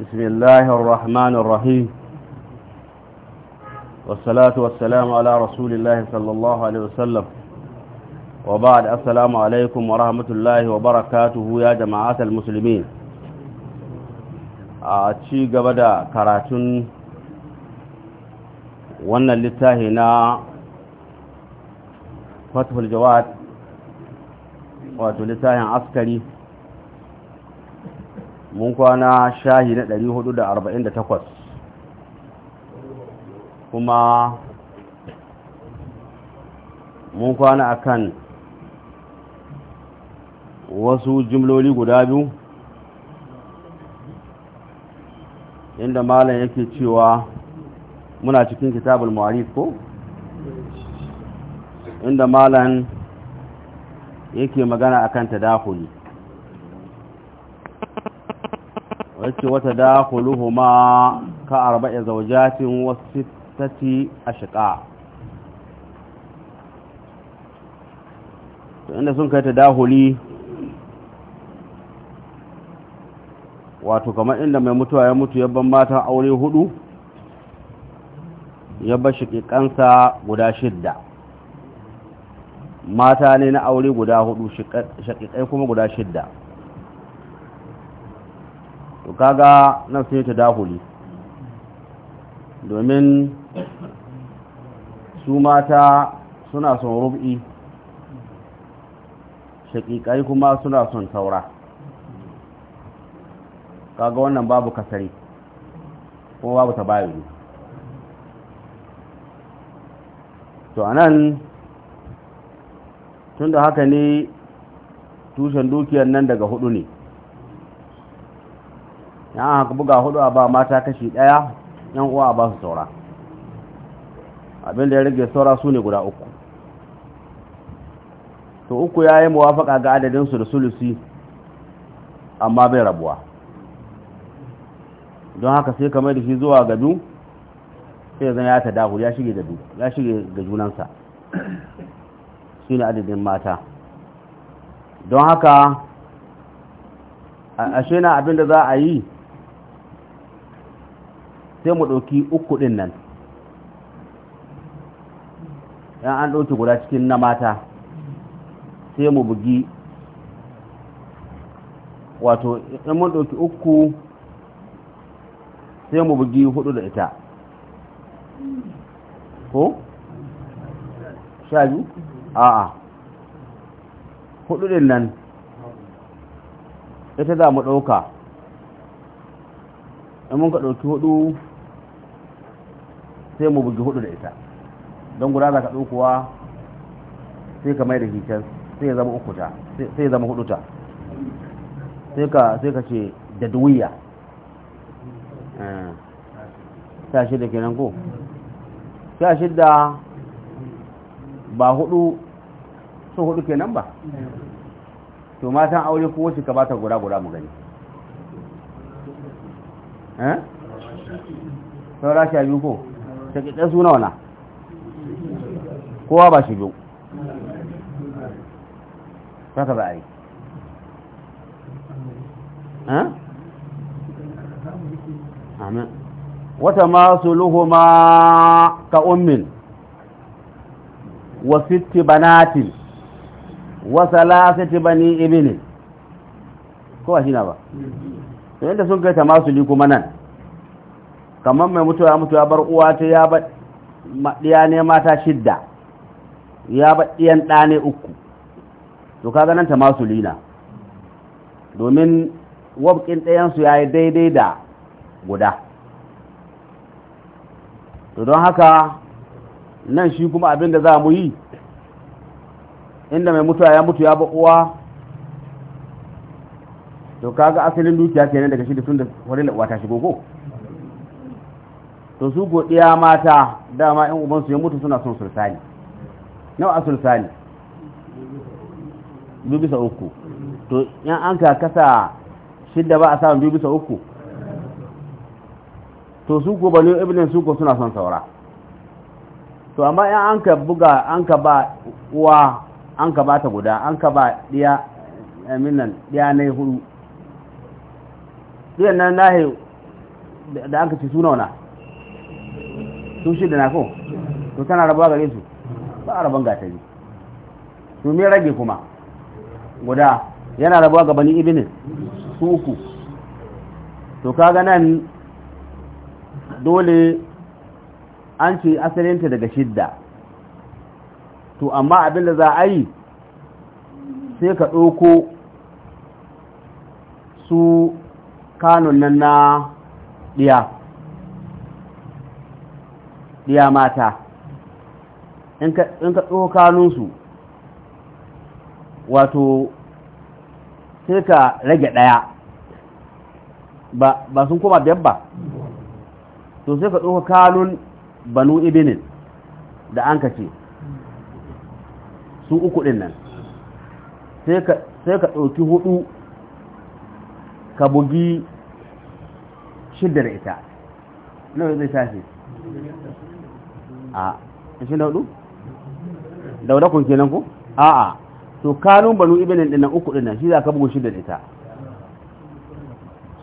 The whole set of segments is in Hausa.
بسم الله الرحمن الرحيم والصلاة والسلام على رسول الله صلى الله عليه وسلم وبعد السلام عليكم ورحمة الله وبركاته يا جماعة المسلمين أتشي قبدا كراتون وانا لتاهنا فتح الجواد وتلتاهن عسكري mun kwana shahi na 448 kuma mun kwana akan wasu jimloli guda biyu inda malam yake cewa muna cikin kitabul mu'arif ko inda malam yake magana akan tadakuli ake wata da ma ka arba'i zaujatin wasu a shiƙa to inda sun kai ta dahuli wato kamar inda mai mutuwa ya mutu yabban matan aure hudu yabban shiƙiƙansa guda shidda mata ne na aure guda hudu shaƙiƙai kuma guda shidda to kaga nan sai ta dahuli domin su mata suna son rubi shakikai kuma suna son saura, kaga wannan babu kasari kuma babu ta bayani, to anan tun da haka ne tushen dukiyar nan daga hudu ne na aka buga hudu a ba mata kashi daya yan uwa a ba su saura abinda ya rage saura su ne guda uku to uku ya yi muwafaka ga adadinsu da sulusi amma bai rabuwa don haka sai kamar da shi zuwa gadu sai zan ya ta dahu ya shige gadu ya shige ga junansa shi ne adadin mata don haka ashe na abinda za a yi sai mu ɗauki uku ɗin nan ɗan an ɗauki guda cikin na mata sai mu bugi wato ɗan mun ɗauki uku sai mu bugi hudu da ita ko? shaju a'a hudu ɗin nan ita za mu ɗauka in mun ka ɗauki hudu sai mu bugi hudu da ita don guda za ka ɗaukowa sai ka mai da hitar sai ya zama uku ta sai ya zama hudu ta sai ka ce da duwiya ta eh. shida kenan ko ta shida ba hudu su hudu kenan ba to matan aure ko wace ka bata guda guda mu gani eh saura yi biyu ko shaƙiƙe suna wana kowa ba shi biyu saka za a yi amin wata masu luhuma ka ummin wa sitti banatin wa salasati bani ibinin kowa shi na ba to yadda sun kai ta masu liku kuma nan kamar mai mutuwa ya mutu ya bar uwa ta ya ba maɗiya ne mata shidda ya ba ɗiyan ɗa ne uku to kaga nan ta masu lina domin wabƙin ɗayansu ya yi daidai da guda to don haka nan shi kuma abin da za mu yi inda mai mutuwa ya mutu ya ba uwa to kaga asalin dukiya kenan daga shi da tun da wani uwa ta gogo to su godiya mata dama in ubansu ya mutu suna son sulsani nawa a sulsani biyu bisa uku to yan an ka kasa shidda ba a samun biyu bisa uku to su ko bani ibnin su ko suna son saura to amma yan an ka buga an ka ba uwa an ka ba ta guda an ka ba diya aminan diya na hudu diyan nan nahi da an ka ci suna wana su shida na ko to tana rabuwa gare su ba a rabon gatari su me rage kuma guda yana rabuwa ga bani ibinin su uku to kaga nan dole an ce asalinta daga shidda to amma abin da za a yi sai ka ɗoko su kanun nan na ɗiya ɗiya mata in ka tsokanunsu wato sai ka rage ɗaya ba sun koma biyar ba to sai ka kanun banu ibinin da an ka ce su uku ɗin nan sai ka ɗauki hudu ka bugi shidda da ita nawa zai tashi a ashirin kenan ku. a'a to kanun banu din nan uku nan shi za ka bugu shida da ita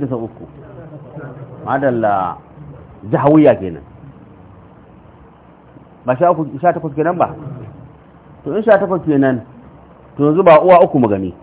da sa uku madalla jahawiya kenan ba sha uku sha takwas kenan ba to in sha takwas kenan to yanzu ba uwa uku gani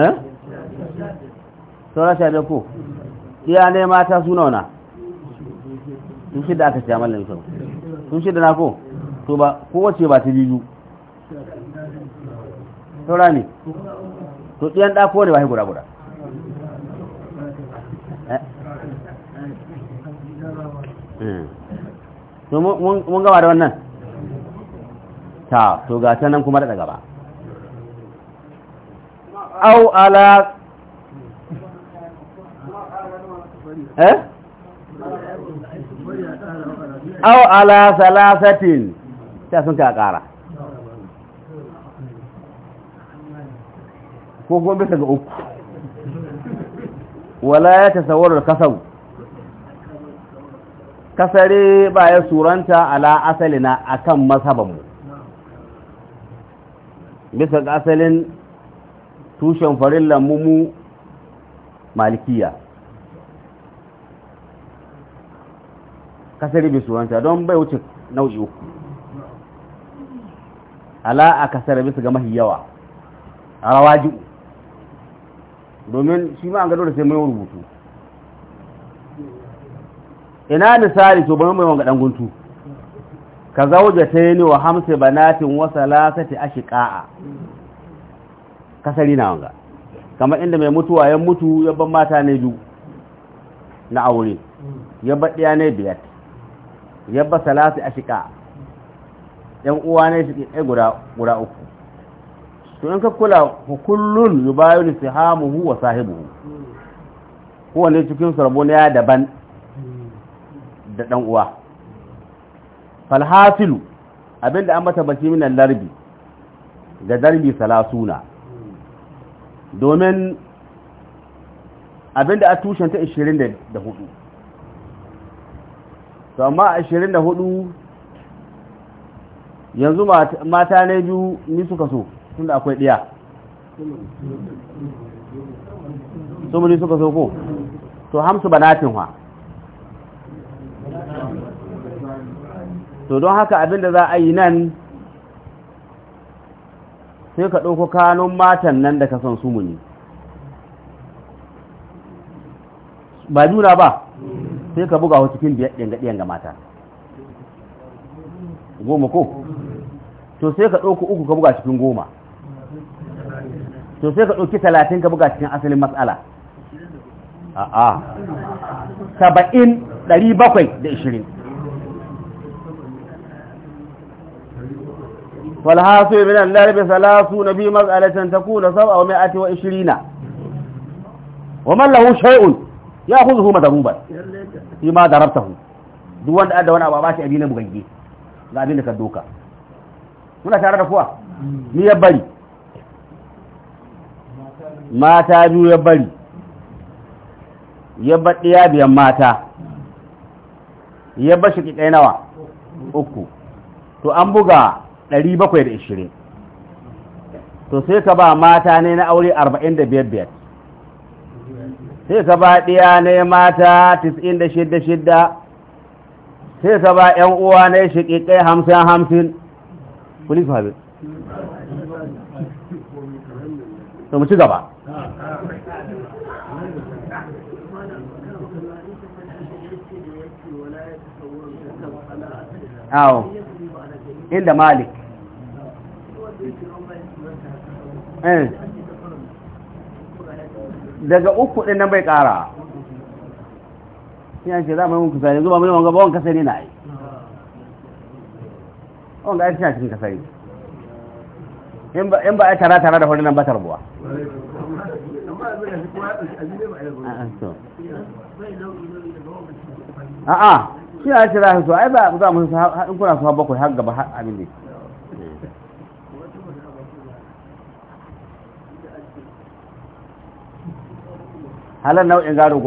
eh? saura sha ku iya ne mata su sun shida aka siya mallin sau sun shida na ko to ba kowace ba ta biyu saura ne to ɗiyan ɗa kowane ba shi guda guda eh. hmm. to mun gaba da wannan ta to ga canan nan kuma da gaba au ala eh a ala salasatin ta sun ka ƙara ko gombe ta ga uku wala ya tasawwarar kasau kasare ba ya suranta ala asalina akan mazhabanmu bisa ga asalin tushen farin mu malikiya kasari bi suranta don bai wuce nau'i uku ala a kasar bisa ga mahi yawa a rawaji domin shi ma an gado da sai mai rubutu ina misali to bari mai wanga dan guntu ka zauja ta yi wa hamsa banatin lasati A shiƙa'a kasari na wanga kamar inda mai mutuwa ya mutu ya ban mata ne biyu na aure ya baɗiya ne biyar yabba salatu ashika yan uwa ne shi ɗaya guda guda uku to in ka kula ku kullun su sihamuhu wa sahibu kowane cikin sarbo ya daban da ɗan uwa falhasilu abinda an mata baki minan larbi ga darbi salasuna domin abinda a tushenta 24 to amma 24 yanzu mata ne biyu ni suka so tunda akwai ɗiya su ni suka so ko to hamsu banatin wa to don haka abinda za a yi nan sai ka ɗauko kanun matan nan da ka son su mu ni ba juna ba sai ka buga cikin biyar ɗin gaɗiyan ga mata goma ko to sai ka ɗauki uku ka buga cikin goma to sai ka ɗauki talatin ka buga cikin asalin matsala a'a saba'in ɗari bakwai da ishirin na salasu biyu والحاصل من kuna ثلاثون wa mai ake wa ishirina wa mallahu شيء ya huzuhu ruba shi ma darabtahu duk wanda adda wani abu ba shi abin da bugange ga abin da ka doka muna tare da kuwa ni ya bari mata biyu ya bari ya baɗi ya biyan mata ya bashi ƙiƙai ɗaya nawa uku to an buga 720 to sai ka ba mata ne na aure 45 sai ka ba ɗiya na ne mata tis'in da shidda shidda sai ka ba ‘yan uwa ne shiƙiƙai hamsin hamsin kuli su haɓe to mu ci gaba awo inda malik eh. daga uku ɗin nan bai ƙara ya za mu yi muku zuba mana wanga ba wanka ne na yi wanga ya cikin ka sani in ba tara tara da wani nan batar buwa a'a shi ya za su so ai ba za mu in kuna su bakwai har gaba har halar nau'in gado